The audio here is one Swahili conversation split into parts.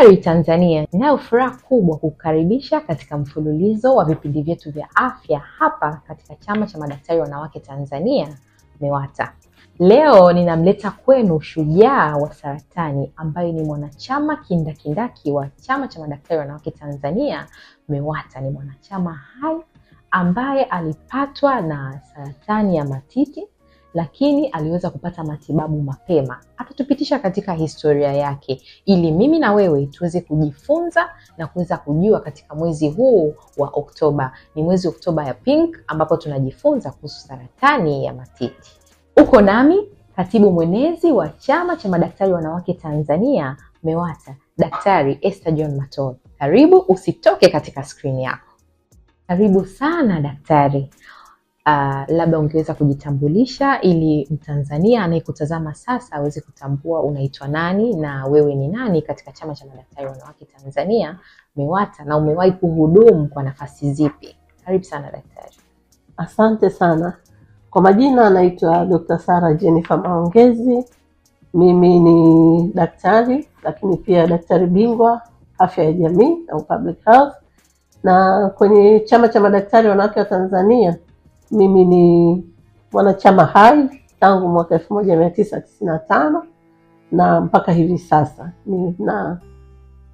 Habari Tanzania, ninayo furaha kubwa kukukaribisha katika mfululizo wa vipindi vyetu vya afya hapa katika Chama cha Madaktari Wanawake Tanzania, MEWATA. Leo ninamleta kwenu shujaa wa saratani ambaye ni mwanachama kindakindaki wa Chama cha Madaktari Wanawake Tanzania, MEWATA. Ni mwanachama hai ambaye alipatwa na saratani ya matiti lakini aliweza kupata matibabu mapema, atatupitisha katika historia yake, ili mimi na wewe tuweze kujifunza na kuweza kujua. Katika mwezi huu wa Oktoba, ni mwezi Oktoba ya pink, ambapo tunajifunza kuhusu saratani ya matiti. Uko nami katibu mwenezi wa chama cha madaktari wanawake Tanzania MEWATA, Daktari Esther John Matoro. Karibu, usitoke katika skrini yako. Karibu sana daktari uh, labda ungeweza kujitambulisha ili Mtanzania anayekutazama sasa aweze kutambua unaitwa nani na wewe ni nani katika Chama cha Madaktari Wanawake Tanzania MEWATA, na umewahi kuhudumu kwa nafasi zipi? Karibu sana daktari. Asante sana. Kwa majina anaitwa Dr. Sara Jennifer Maongezi. Mimi ni daktari lakini pia daktari bingwa afya ya jamii au public health, na kwenye chama cha madaktari wanawake wa Tanzania mimi ni mwanachama hai tangu mwaka elfu moja mia tisa tisini na tano na mpaka hivi sasa ni, na,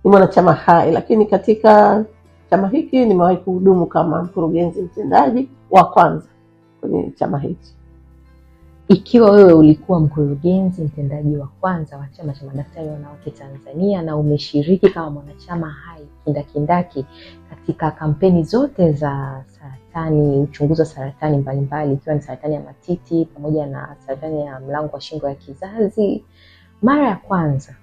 ni mwanachama hai, lakini katika chama hiki nimewahi kuhudumu kama mkurugenzi mtendaji wa kwanza kwenye chama hiki. Ikiwa wewe ulikuwa mkurugenzi mtendaji wa kwanza wa chama cha madaktari wanawake Tanzania na umeshiriki kama mwanachama hai kindakindaki katika kampeni zote za saratani, uchunguzi wa saratani mbalimbali, ikiwa ni saratani ya matiti pamoja na saratani ya mlango wa shingo ya kizazi. Mara ya kwanza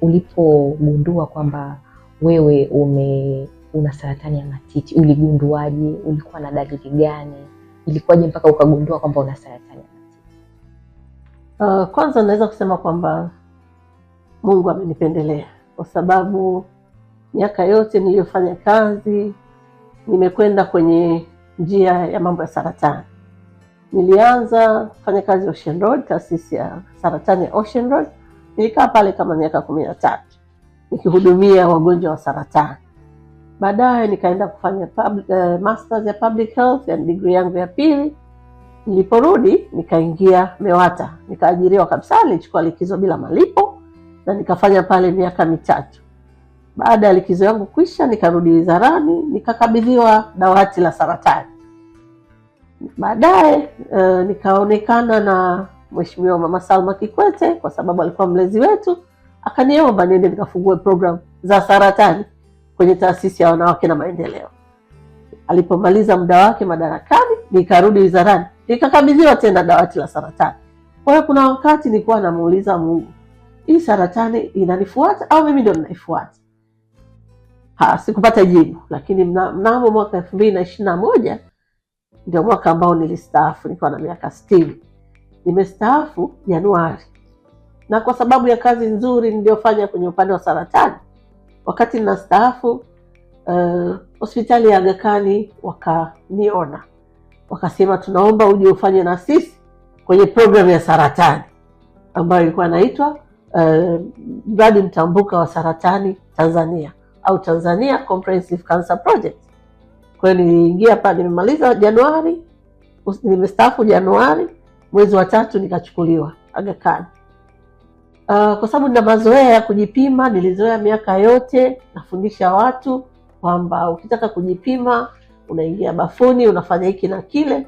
ulipogundua kwamba wewe ume una saratani ya matiti, uligunduaje? Ulikuwa na dalili gani? Ilikuwaje mpaka ukagundua kwamba una saratani ya matiti? Uh, kwanza naweza kusema kwamba Mungu amenipendelea kwa sababu miaka yote niliyofanya kazi nimekwenda kwenye njia ya mambo ya saratani. Nilianza kufanya kazi Ocean Road, taasisi ya saratani ya Ocean Road. Nilikaa pale kama miaka kumi na tatu nikihudumia wagonjwa wa saratani. Baadaye nikaenda kufanya public, uh, eh, masters ya public health, yani degree yangu ya pili. Niliporudi nikaingia MEWATA, nikaajiriwa kabisa. Nilichukua likizo bila malipo na nikafanya pale miaka mitatu. Baada ya likizo yangu kuisha, nikarudi wizarani nikakabidhiwa dawati la saratani. Baadaye uh, nikaonekana na Mheshimiwa Mama Salma Kikwete kwa sababu alikuwa mlezi wetu, akaniomba niende nikafungue programu za saratani kwenye taasisi ya wanawake na maendeleo. Alipomaliza muda wake madarakani, nikarudi wizarani nikakabidhiwa tena dawati la saratani. Kwa hiyo kuna wakati nilikuwa namuuliza Mungu, hii saratani inanifuata au mimi ndo ninaifuata? Ha, sikupata jibu, lakini mnamo mwaka elfu mbili na ishirini na moja ndio mwaka ambao nilistaafu nikiwa na miaka sitini. Nimestaafu Januari, na kwa sababu ya kazi nzuri niliyofanya kwenye upande wa saratani, wakati ninastaafu eh, hospitali uh, ya gakani wakaniona, wakasema tunaomba uje ufanye na sisi kwenye programu ya saratani ambayo ilikuwa inaitwa uh, mradi mtambuka wa saratani Tanzania au Tanzania Comprehensive Cancer Project. Kwa hiyo niliingia pale, nimemaliza Januari, nimestaafu Januari, mwezi wa tatu nikachukuliwa Aga Khan. Uh, kwa sababu nina mazoea ya kujipima, nilizoea miaka yote nafundisha watu kwamba ukitaka kujipima unaingia bafuni unafanya hiki na kile.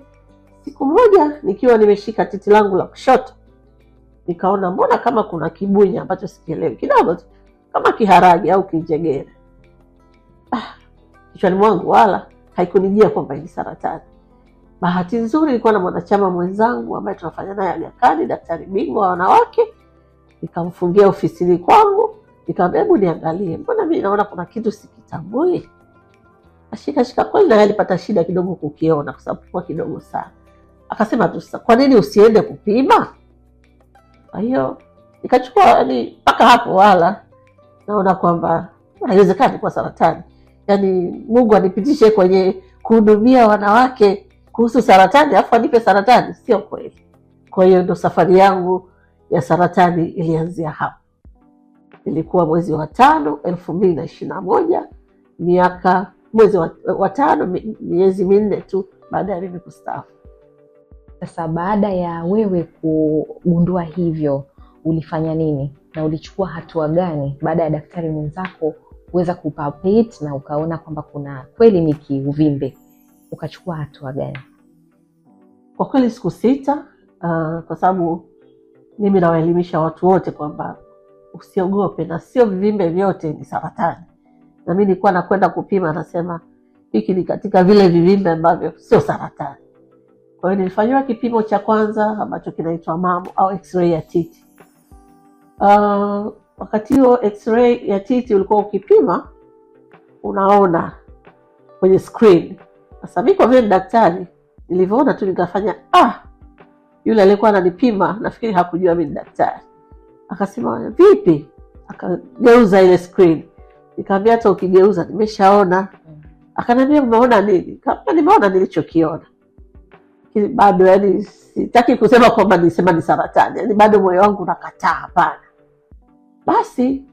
Siku moja nikiwa nimeshika titi langu la kushoto, nikaona mbona kama kuna kibunya ambacho sikielewi kidogo tu, kama kiharage au kijegere. Ah, kichwani ah, mwangu wala haikunijia kwamba ni saratani. Bahati nzuri ilikuwa na mwanachama mwenzangu ambaye tunafanya naye Agakani, daktari bingwa wa wanawake. Nikamfungia ofisini kwangu, nikamwambia hebu niangalie, mbona mi naona kuna kitu sikitambui. Ashikashika kweli naye alipata shida kidogo kukiona, kwa sababu kwa kidogo sana. Akasema tu sasa, kwa nini usiende kupima? Kwa hiyo nikachukua, yani mpaka hapo wala naona kwamba haiwezekani kuwa saratani yani Mungu anipitishe kwenye kuhudumia wanawake kuhusu saratani alafu anipe saratani, sio kweli. Kwa hiyo ndo safari yangu ya saratani ilianzia hapo. Ilikuwa mwezi wa tano elfu mbili na ishirini na moja miaka mwezi wa tano miezi minne tu baada ya mimi kustaafu. Sasa baada ya wewe kugundua hivyo, ulifanya nini na ulichukua hatua gani baada ya daktari mwenzako kuweza kupalpate na ukaona kwamba kuna kweli ni kiuvimbe, ukachukua hatua gani? Kwa kweli sita, uh, kwa sababu mimi nawaelimisha watu wote kwamba usiogope, na sio vivimbe vyote ni saratani. Na mi nilikuwa nakwenda kupima, nasema hiki ni katika vile vivimbe ambavyo sio saratani. Kwa hiyo nilifanyiwa kipimo cha kwanza ambacho kinaitwa mamo au x-ray ya titi uh, Wakati huo x-ray ya titi ulikuwa ukipima unaona kwenye screen. Sasa mimi kwa vile ni daktari, nilivyoona tu nikafanya ah, yule aliyekuwa ananipima nafikiri hakujua mimi ni daktari. Akasema vipi? Akageuza ile screen, nikaambia hata ukigeuza nimeshaona. Akaniambia umeona nini? Kama nimeona nilichokiona bado, yani sitaki kusema kwamba nisema ni saratani, yani bado moyo wangu unakataa, hapana basi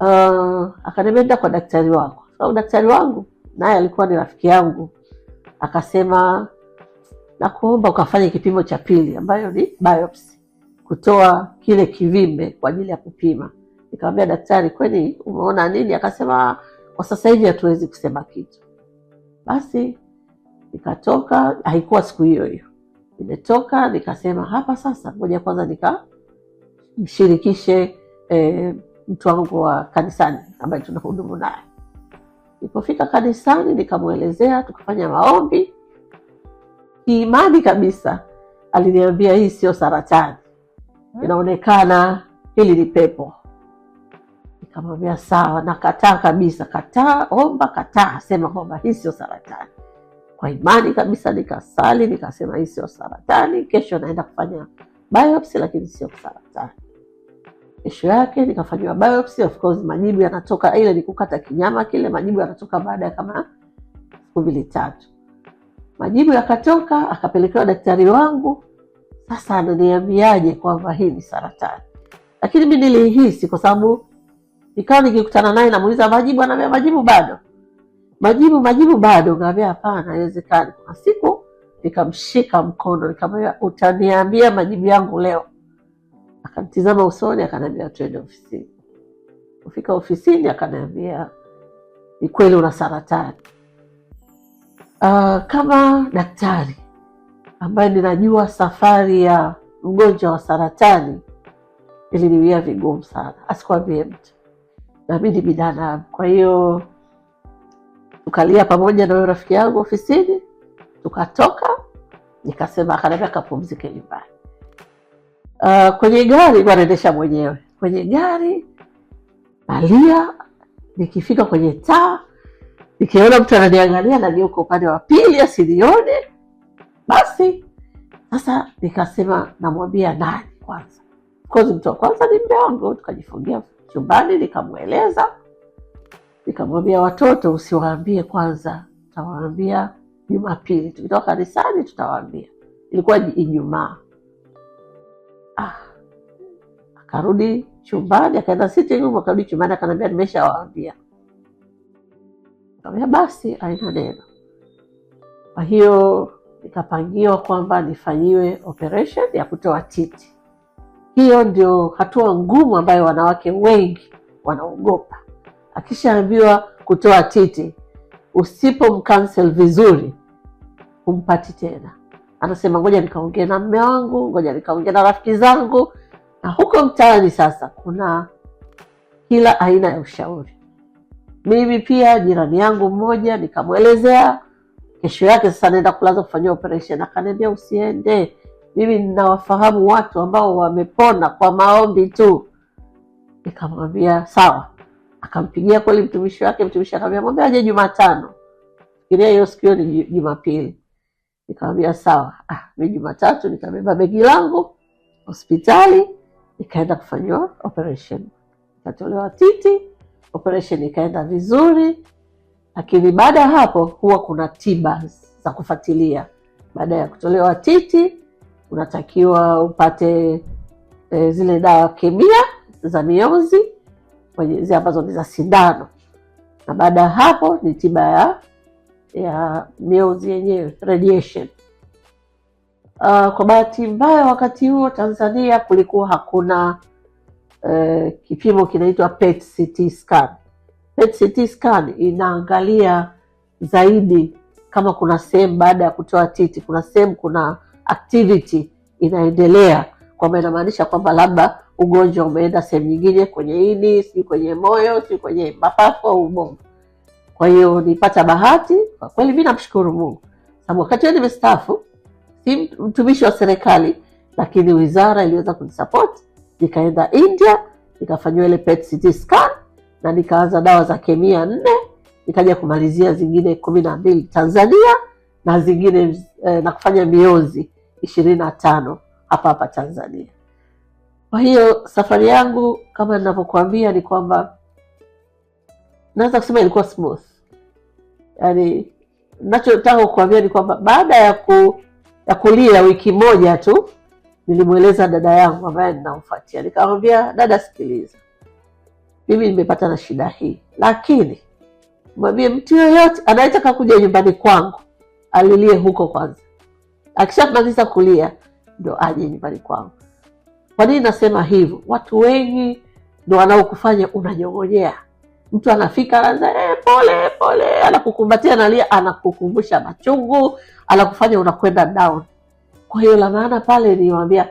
uh, akaniambia kwa daktari wako, sababu daktari wangu naye alikuwa ni rafiki yangu. Akasema nakuomba ukafanya kipimo cha pili, ambayo ni biopsy, kutoa kile kivimbe kwa ajili ya kupima. Nikamwambia daktari, kweli umeona nini? Akasema kwa sasa hivi hatuwezi kusema kitu. Basi nikatoka, haikuwa siku hiyo hiyo, nimetoka nikasema hapa sasa, moja kwanza nikamshirikishe e, mtu wangu wa kanisani ambaye tunahudumu naye. Nilipofika kanisani nikamwelezea, tukafanya maombi kiimani kabisa. Aliniambia hii sio saratani, inaonekana hili ni pepo. Nikamwambia sawa, nakataa kabisa, kataa, omba, kataa, sema kwamba hii sio saratani. Kwa imani kabisa nikasali, nikasema hii sio saratani, kesho naenda kufanya biopsi, lakini sio saratani kesho yake nikafanyiwa biopsy. Of course majibu yanatoka, ile ni kukata kinyama kile, majibu yanatoka baada ya kama siku mbili tatu, majibu yakatoka, akapelekewa daktari wangu. Sasa ananiambiaje kwamba hii ni saratani? Lakini mi nilihisi kwa sababu nikawa nikikutana naye namuuliza majibu, anaambia majibu bado, majibu majibu bado. Ngaambia hapana, haiwezekani. Kuna siku nikamshika mkono nikamwambia, utaniambia majibu yangu leo akamtizama usoni, akanaambia tuende ofisini. Kufika ofisini, akanaambia ni kweli una saratani. Uh, kama daktari ambaye ninajua safari ya mgonjwa wa saratani iliniwia vigumu sana, asikwambie mtu, nami ni binadamu. Kwa hiyo tukalia pamoja na huyo rafiki yangu ofisini, tukatoka, nikasema, akanaambia kapumzike nyumbani. Uh, kwenye gari wanaendesha mwenyewe kwenye gari, nalia. Nikifika kwenye taa, nikiona mtu ananiangalia, nageuka upande wa pili asinione. Basi sasa nikasema namwambia nani kwanza? Kozi, mtu wa kwanza ni mme wangu. Tukajifungia chumbani, nikamweleza, nikamwambia watoto, usiwaambie kwanza, tutawaambia Jumapili tukitoka kanisani, tutawaambia. Ilikuwa Ijumaa ah. Akarudi chumbani, akaenda sitting room, akarudi chumbani, akanambia, nimeshawaambia. Kaambia basi aina neno. Kwa hiyo nikapangiwa kwamba nifanyiwe operation ya kutoa titi. Hiyo ndio hatua ngumu ambayo wanawake wengi wanaogopa. Akishaambiwa kutoa titi, usipomkansel vizuri, humpati tena anasema ngoja nikaongea na mme wangu, ngoja nikaongea na rafiki zangu. Na huko mtaani sasa kuna kila aina ya ushauri. Mimi pia jirani yangu mmoja nikamwelezea, kesho yake sasa naenda kulaza kufanyia operation, akaniambia usiende, mimi ninawafahamu watu ambao wamepona kwa maombi tu. Nikamwambia sawa. Akampigia kweli mtumishi wake, mtumishi akamwambia mwambie aje Jumatano. Fikiria hiyo siku ni Jumapili. Nikamwambia sawa. Ah, mi Jumatatu nikabeba begi langu hospitali nikaenda kufanyiwa operation, nikatolewa titi. Operation ikaenda vizuri, lakini baada ya hapo huwa kuna tiba za kufuatilia. Baada ya kutolewa titi, unatakiwa upate e, zile dawa kemia za mionzi zile ambazo ni za sindano, na baada ya hapo ni tiba ya ya miozi yenyewe radiation. Uh, kwa bahati mbaya wakati huo Tanzania kulikuwa hakuna uh, kipimo kinaitwa PET CT scan. PET CT scan inaangalia zaidi kama kuna sehemu baada ya kutoa titi, e kuna sehemu kuna activity inaendelea, kwamba inamaanisha kwamba labda ugonjwa umeenda sehemu nyingine, kwenye ini, si kwenye moyo, si kwenye mapafu au ubongo. Kwa hiyo nipata bahati kwa kweli, mi namshukuru Mungu sababu wakati huo nimestaafu, si mtumishi wa serikali, lakini wizara iliweza kunisapoti, nikaenda India nikafanyiwa ile PET CT scan na nikaanza dawa za kemia nne, nikaja kumalizia zingine kumi na mbili Tanzania na zingine eh, na kufanya mionzi ishirini na tano hapa hapa Tanzania. Kwa hiyo safari yangu kama ninavyokuambia ni kwamba naweza kusema ilikuwa smooth. Yani, nachotaka kukuambia ni kwamba baada ya ku, ya kulia wiki moja tu nilimweleza dada yangu ambaye ninamfuatia, nikamwambia dada, sikiliza, mimi nimepata na shida hii, lakini mwambie mtu yoyote anayetaka kuja nyumbani kwangu alilie huko kwanza, akishamaliza kulia ndo aje nyumbani kwangu. Kwa nini nasema hivyo? Watu wengi ndo wanaokufanya unanyong'onyea Mtu anafika anaanza eh, pole pole, anakukumbatia, analia, anakukumbusha machungu, anakufanya unakwenda down. Kwa hiyo la maana pale niwaambia,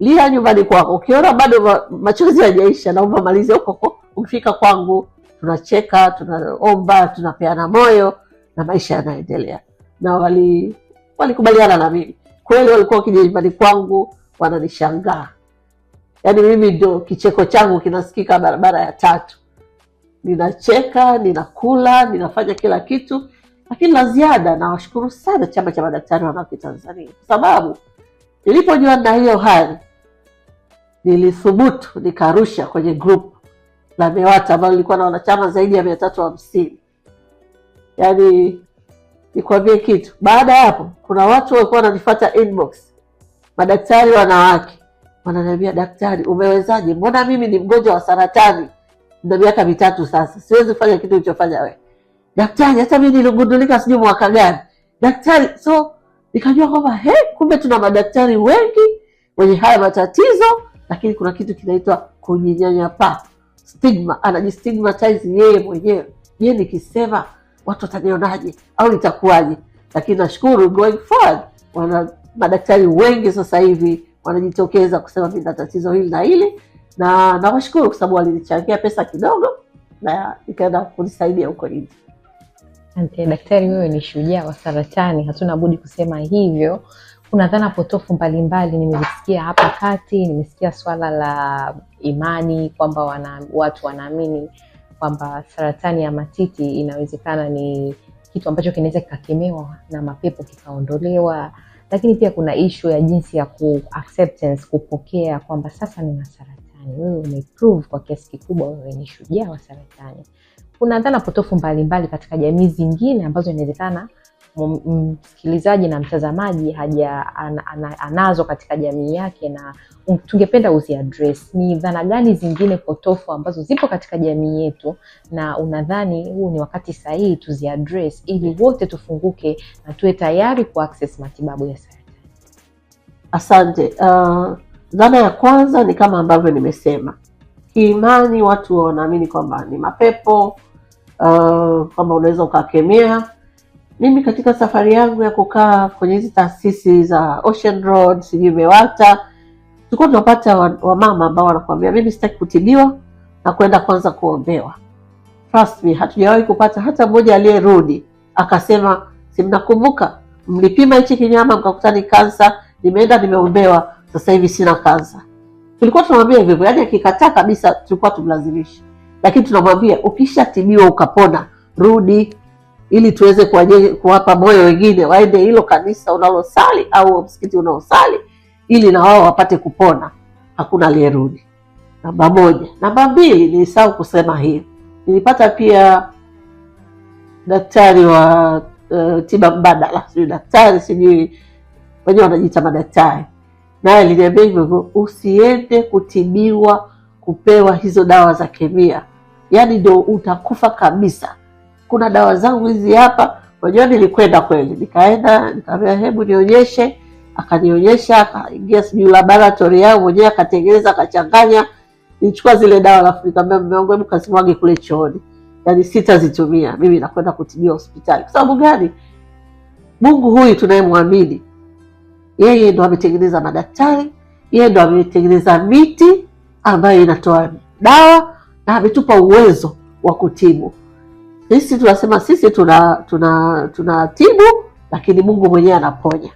lia nyumbani kwako, ukiona bado machozi hajaisha, naomba malize huko huko. Ukifika kwangu tunacheka, tunaomba, tunapeana moyo na maisha yanaendelea. Na wali walikubaliana na mimi kweli, walikuwa wakija nyumbani kwangu wananishangaa, yaani mimi ndo kicheko changu kinasikika barabara ya tatu ninacheka, ninakula, ninafanya kila kitu, lakini la ziada, nawashukuru sana chama cha madaktari wanawake Tanzania kwa sababu nilipojua na hiyo hali nilithubutu nikarusha kwenye grup la MEWATA ambayo ilikuwa na wanachama zaidi ya mia tatu hamsini. Yani nikuambie kitu, baada ya hapo kuna watu walikuwa wananifuata inbox, madaktari wanawake wananiambia, daktari, umewezaje? Mbona mimi ni mgonjwa wa saratani ndo miaka mitatu sasa, siwezi kufanya kitu ulichofanya wewe daktari. Hata mimi niligundulika sijui mwaka gani daktari, so nikajua kwamba he, kumbe tuna madaktari wengi wenye haya matatizo, lakini kuna kitu kinaitwa kujinyanyapaa, stigma. Anajistigmatize yeye mwenyewe. Je, nikisema watu watanionaje au itakuwaje? Lakini nashukuru going forward, wana madaktari wengi sasa hivi wanajitokeza kusema mi na tatizo hili na hili na nawashukuru kwa sababu walinichangia pesa kidogo na ikaenda kunisaidia huko nje. Asante daktari, wewe ni shujaa wa saratani, hatuna budi kusema hivyo. Kuna dhana potofu mbalimbali nimezisikia hapa kati, nimesikia swala la imani kwamba wana, watu wanaamini kwamba saratani ya matiti inawezekana ni kitu ambacho kinaweza kikakemewa na mapepo kikaondolewa, lakini pia kuna ishu ya jinsi ya ku acceptance kupokea kwamba sasa nina saratani Marekani, wewe umeprove kwa kiasi kikubwa wewe ni shujaa wa saratani. Kuna dhana potofu mbalimbali mbali katika jamii zingine ambazo inawezekana msikilizaji na mtazamaji haja an, an, anazo katika jamii yake, na tungependa address Ni dhana gani zingine potofu ambazo zipo katika jamii yetu, na unadhani huu ni wakati sahihi address ili wote tufunguke na tuwe tayari ku access matibabu ya saratani? Asante. Uh, Dhana ya kwanza ni kama ambavyo nimesema, kiimani watu wanaamini kwamba ni mapepo uh, kwamba unaweza ukakemea. Mimi katika safari yangu ya kukaa kwenye hizi taasisi za Ocean Road, sijui MEWATA, tulikuwa tunapata wamama ambao wanakuambia mimi sitaki kutibiwa na kwenda kwanza kuombewa. Trust me, hatujawahi kupata hata mmoja aliyerudi akasema si mnakumbuka mlipima hichi kinyama mkakuta ni kansa, nimeenda nimeombewa sasa hivi sina kansa. Tulikuwa tunamwambia hivyo hivyo, yaani akikataa kabisa tulikuwa tumlazimisha, lakini tunamwambia ukishatibiwa ukapona, rudi ili tuweze kuwapa moyo wengine waende hilo kanisa unalosali au msikiti unaosali ili na wao wapate kupona. Hakuna aliyerudi. Namba moja. Namba mbili, nilisahau kusema hii, nilipata pia daktari wa uh, tiba mbadala, sijui daktari, sijui wenyewe wanajiita madaktari naye aliniambia hivyo hivyo, usiende kutibiwa kupewa hizo dawa za kemia, yaani ndo utakufa kabisa. Kuna dawa zangu hizi hapa. Unajua, nilikwenda kweli, nikaenda nikaambia, hebu nionyeshe. Akanionyesha, akaingia sijui laboratori yao mwenyewe, akatengeneza, akachanganya. Nilichukua zile dawa, alafu nikaambia mume wangu, hebu kazimwage kule chooni, yaani sitazitumia mimi, nakwenda kutibiwa hospitali. Kwa sababu gani? Mungu huyu tunayemwamini yeye ndo ametengeneza madaktari, yeye ndo ametengeneza miti ambayo inatoa dawa na ametupa uwezo wa kutibu. Sisi tunasema sisi tuna tuna tunatibu, lakini Mungu mwenyewe anaponya.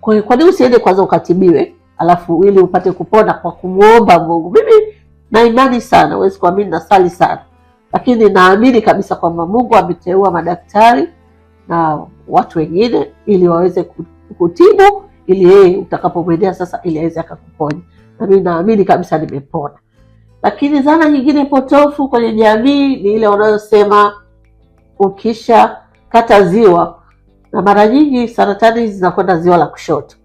Kwa hiyo kwa nini usiende kwanza ukatibiwe alafu ili upate kupona kwa kumwomba Mungu? Mimi na imani sana, huwezi kuamini, nasali sana, lakini naamini kabisa kwamba Mungu ameteua madaktari na watu wengine ili waweze kutibu ili yeye utakapomwendea sasa, ili aweze akakuponya. Nami naamini kabisa nimepona. Lakini dhana nyingine potofu kwenye jamii ni ile wanayosema kata ziwa, na mara nyingi saratani hizi zinakwenda ziwa la kushoto,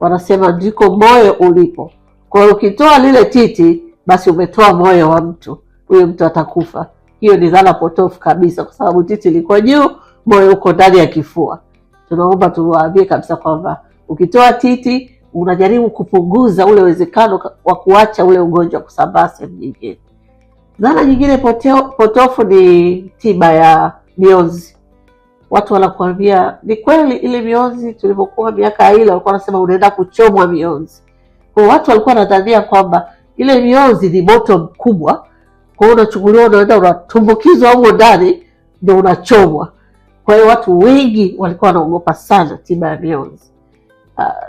wanasema ndiko moyo ulipo. Kwa hiyo ukitoa lile titi, basi umetoa moyo wa mtu, huyo mtu atakufa. Hiyo ni dhana potofu kabisa, kwa sababu titi liko juu, moyo uko ndani ya kifua. Tunaomba tuwaambie kabisa kwamba Ukitoa titi unajaribu kupunguza ule uwezekano wa kuacha ule ugonjwa kusambaa sehemu nyingine. Dhana nyingine poteo, potofu ni tiba ya mionzi. Watu wanakuambia ni kweli, ile mionzi tulivyokuwa miaka ya ile walikuwa wanasema unaenda kuchomwa mionzi. Kwa watu walikuwa wanadhania kwamba ile mionzi ni moto mkubwa, kwa hiyo unachukuliwa, unaenda unatumbukizwa huko ndani, ndo unachomwa. Kwa hiyo watu wengi walikuwa wanaogopa sana tiba ya mionzi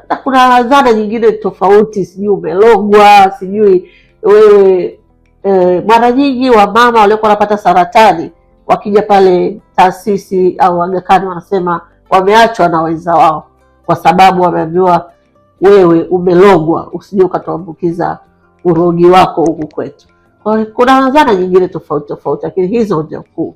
na kuna dhana nyingine tofauti, sijui umelogwa, sijui wewe e, mara nyingi wamama waliokuwa wanapata saratani wakija pale taasisi au wagakani wanasema wameachwa na wenza wao, kwa sababu wameambiwa wewe umelogwa, usije ukatuambukiza urogi wako huku kwetu. kuna dhana nyingine tofauti tofauti, lakini hizo ndio kuu.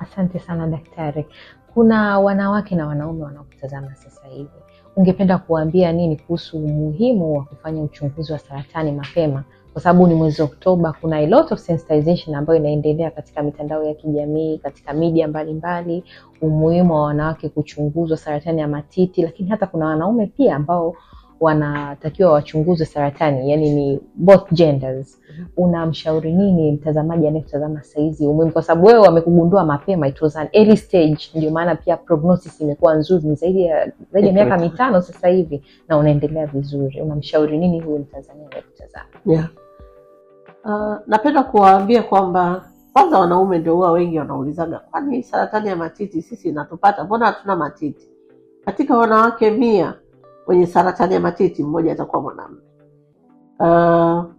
Asante sana daktari. Kuna wanawake na wanaume wanaokutazama sasa hivi ungependa kuwaambia nini kuhusu umuhimu wa kufanya uchunguzi wa saratani mapema? Kwa sababu ni mwezi Oktoba, kuna a lot of sensitization ambayo inaendelea katika mitandao ya kijamii, katika media mbalimbali, umuhimu wa wanawake kuchunguzwa saratani ya matiti, lakini hata kuna wanaume pia ambao wanatakiwa wachunguzwe saratani, yani ni both genders. Mhm. Unamshauri nini mtazamaji anayetazama sasa hizi umuhimu, kwa sababu wewe wamekugundua mapema, it was an early stage, ndio maana pia prognosis imekuwa nzuri, ni zaidi ya zaidi ya miaka mitano sasa hivi na unaendelea vizuri. Unamshauri nini huyu mtanzania anayekutazama? Yeah. Uh, napenda kuwaambia kwamba kwanza wanaume ndio huwa wengi wanaulizaga, kwani saratani ya matiti sisi inatupata, mbona hatuna matiti? Katika wanawake mia wenye saratani ya matiti, mmoja atakuwa mwanamume. Uh,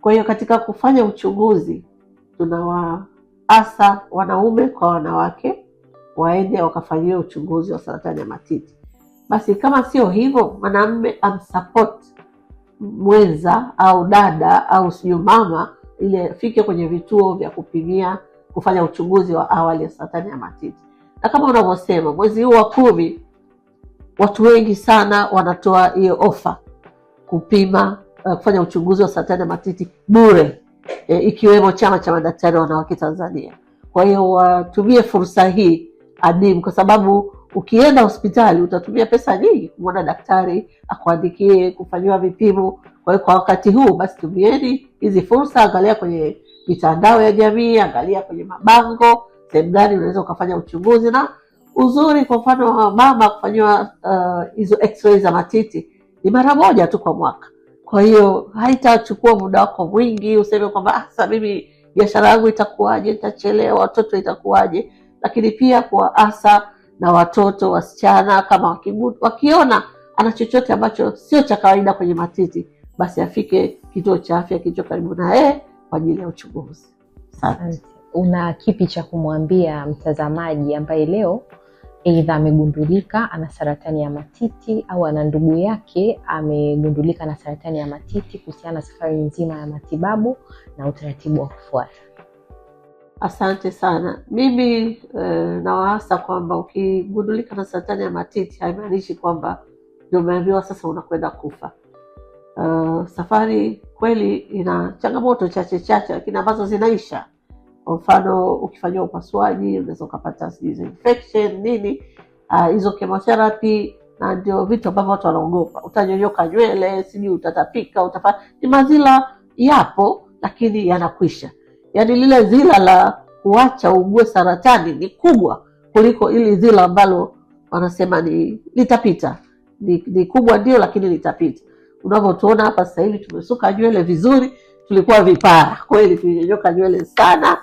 kwa hiyo katika kufanya uchunguzi tunawaasa wanaume kwa wanawake waende wakafanyiwe uchunguzi wa saratani ya matiti. Basi kama sio hivyo, mwanamume amsupport mwenza au dada au sijui mama, ili afike kwenye vituo vya kupimia kufanya uchunguzi wa awali wa saratani ya matiti. Na kama unavyosema, mwezi huu wa kumi Watu wengi sana wanatoa hiyo ofa kupima, uh, kufanya uchunguzi wa saratani ya matiti bure, e, ikiwemo chama cha madaktari wanawake Tanzania. Kwa hiyo watumie fursa hii adimu, kwa sababu ukienda hospitali utatumia pesa nyingi kumwona daktari akuandikie kufanyiwa vipimo. Kwa hiyo kwa wakati huu basi tumieni hizi fursa, angalia kwenye mitandao ya jamii, angalia kwenye mabango, sehemu gani unaweza ukafanya uchunguzi na Uzuri kwa mfano wa mama kufanyiwa uh, hizo uh, x-ray za matiti ni mara moja tu kwa mwaka, kwa hiyo haitachukua muda wako mwingi useme kwamba ah, sasa mimi biashara yangu itakuwaje, nitachelewa, watoto itakuwaje. Lakini pia kwa asa na watoto wasichana, kama wakiona ana chochote ambacho sio cha kawaida kwenye matiti, basi afike kituo cha afya kilicho karibu na yeye kwa ajili ya uchunguzi. Una kipi cha kumwambia mtazamaji ambaye leo Aidha amegundulika ana saratani ya matiti au ana ndugu yake amegundulika na saratani ya matiti, kuhusiana na safari nzima ya matibabu na utaratibu wa kufuata. Asante sana. Mimi eh, nawaasa kwamba ukigundulika na saratani ya matiti haimaanishi kwamba ndio umeambiwa sasa unakwenda kufa. Uh, safari kweli ina changamoto chache chache, lakini ambazo zinaisha kwa mfano ukifanyiwa upasuaji unaweza ukapata infection nini, ah, hizo uh, chemotherapy na ndio vitu ambavyo watu wanaogopa. Utanyonyoka nywele, sijui utatapika, utafa ni mazila yapo, lakini yanakwisha. Yaani lile zila la kuacha ugue saratani ni kubwa kuliko ili zila ambalo wanasema ni litapita. Ni, ni kubwa ndio, lakini litapita. Unavyotuona hapa sasa hivi tumesuka nywele vizuri, tulikuwa vipara kweli, tulinyonyoka nywele sana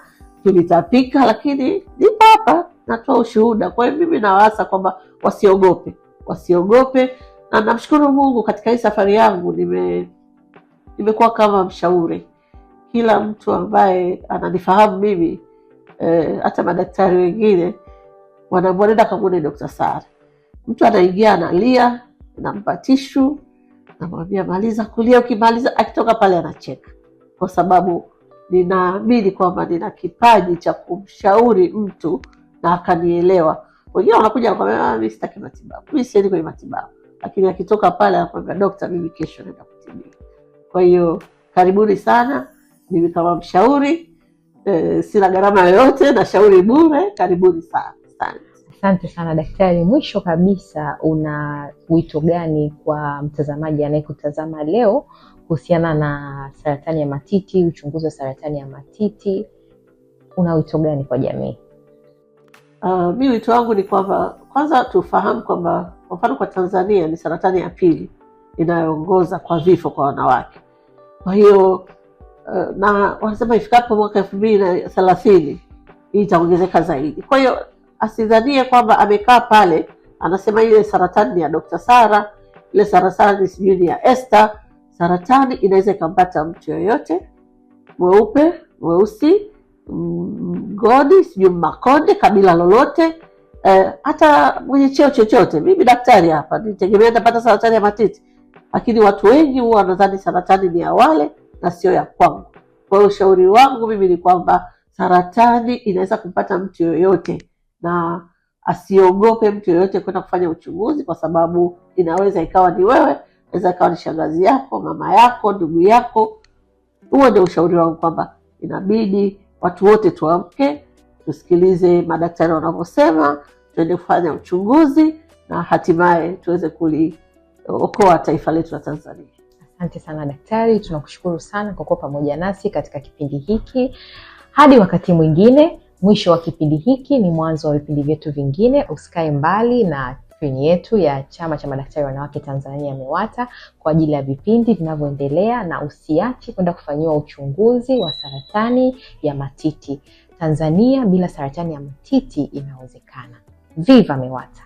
kilitapika, lakini nipo hapa natoa ushuhuda. Kwa hiyo mimi nawaasa kwamba wasiogope, wasiogope, na namshukuru Mungu katika hii safari yangu nime nimekuwa kama mshauri. Kila mtu ambaye ananifahamu mimi e, hata madaktari wengine wanaambua nenda kamwone Dokta Sara. Mtu anaingia analia, nampa tishu, namwambia maliza kulia. Ukimaliza akitoka pale anacheka, kwa sababu ninaamini kwamba nina kipaji cha kumshauri mtu na akanielewa. Wengine wanakuja nakwambia, ah, mi sitaki matibabu, mi siendi kwenye matibabu, lakini akitoka pale anakwambia, dokta, mimi kesho naenda kutibia. Kwa hiyo karibuni sana, mimi kama mshauri e, sina gharama yoyote, nashauri bure. Karibuni sana sana. Asante sana daktari. Mwisho kabisa, una wito gani kwa mtazamaji anayekutazama leo kuhusiana na saratani ya matiti, uchunguzi wa saratani ya matiti, una wito gani kwa jamii? Uh, ah, mi wito wangu ni kwamba kwanza tufahamu kwamba kwa mfano kwa Tanzania ni saratani ya pili inayoongoza kwa vifo kwa wanawake. Kwa hiyo uh, na wanasema ifikapo mwaka elfu mbili na thelathini hii itaongezeka zaidi. Kwa hiyo asidhanie kwamba amekaa pale anasema ile saratani ni ya dokta Sara, ile saratani sijui ni ya Esther Saratani inaweza ikampata mtu yoyote, mweupe, mweusi, mgodi, sijui makonde, kabila lolote, eh, hata mwenye cheo chochote. Mimi daktari hapa nitegemea nitapata saratani ya matiti, lakini watu wengi huwa wanadhani saratani ni ya wale na sio ya kwangu. Kwa hiyo ushauri wangu mimi ni kwamba saratani inaweza kumpata mtu yoyote, na asiogope mtu yoyote kwenda kufanya uchunguzi, kwa sababu inaweza ikawa ni wewe inaweza kawa ni shangazi yako, mama yako, ndugu yako. Huo ndio ushauri wangu kwamba inabidi watu wote tuamke, tusikilize madaktari wanavyosema, tuende kufanya uchunguzi na hatimaye tuweze kuliokoa taifa letu la Tanzania. Asante sana daktari, tunakushukuru sana kwa kuwa pamoja nasi katika kipindi hiki. Hadi wakati mwingine. Mwisho wa kipindi hiki ni mwanzo wa vipindi vyetu vingine. Usikae mbali na skrini yetu ya Chama cha Madaktari Wanawake Tanzania MEWATA kwa ajili ya vipindi vinavyoendelea, na usiache kwenda kufanyiwa uchunguzi wa saratani ya matiti. Tanzania bila saratani ya matiti inawezekana. Viva MEWATA!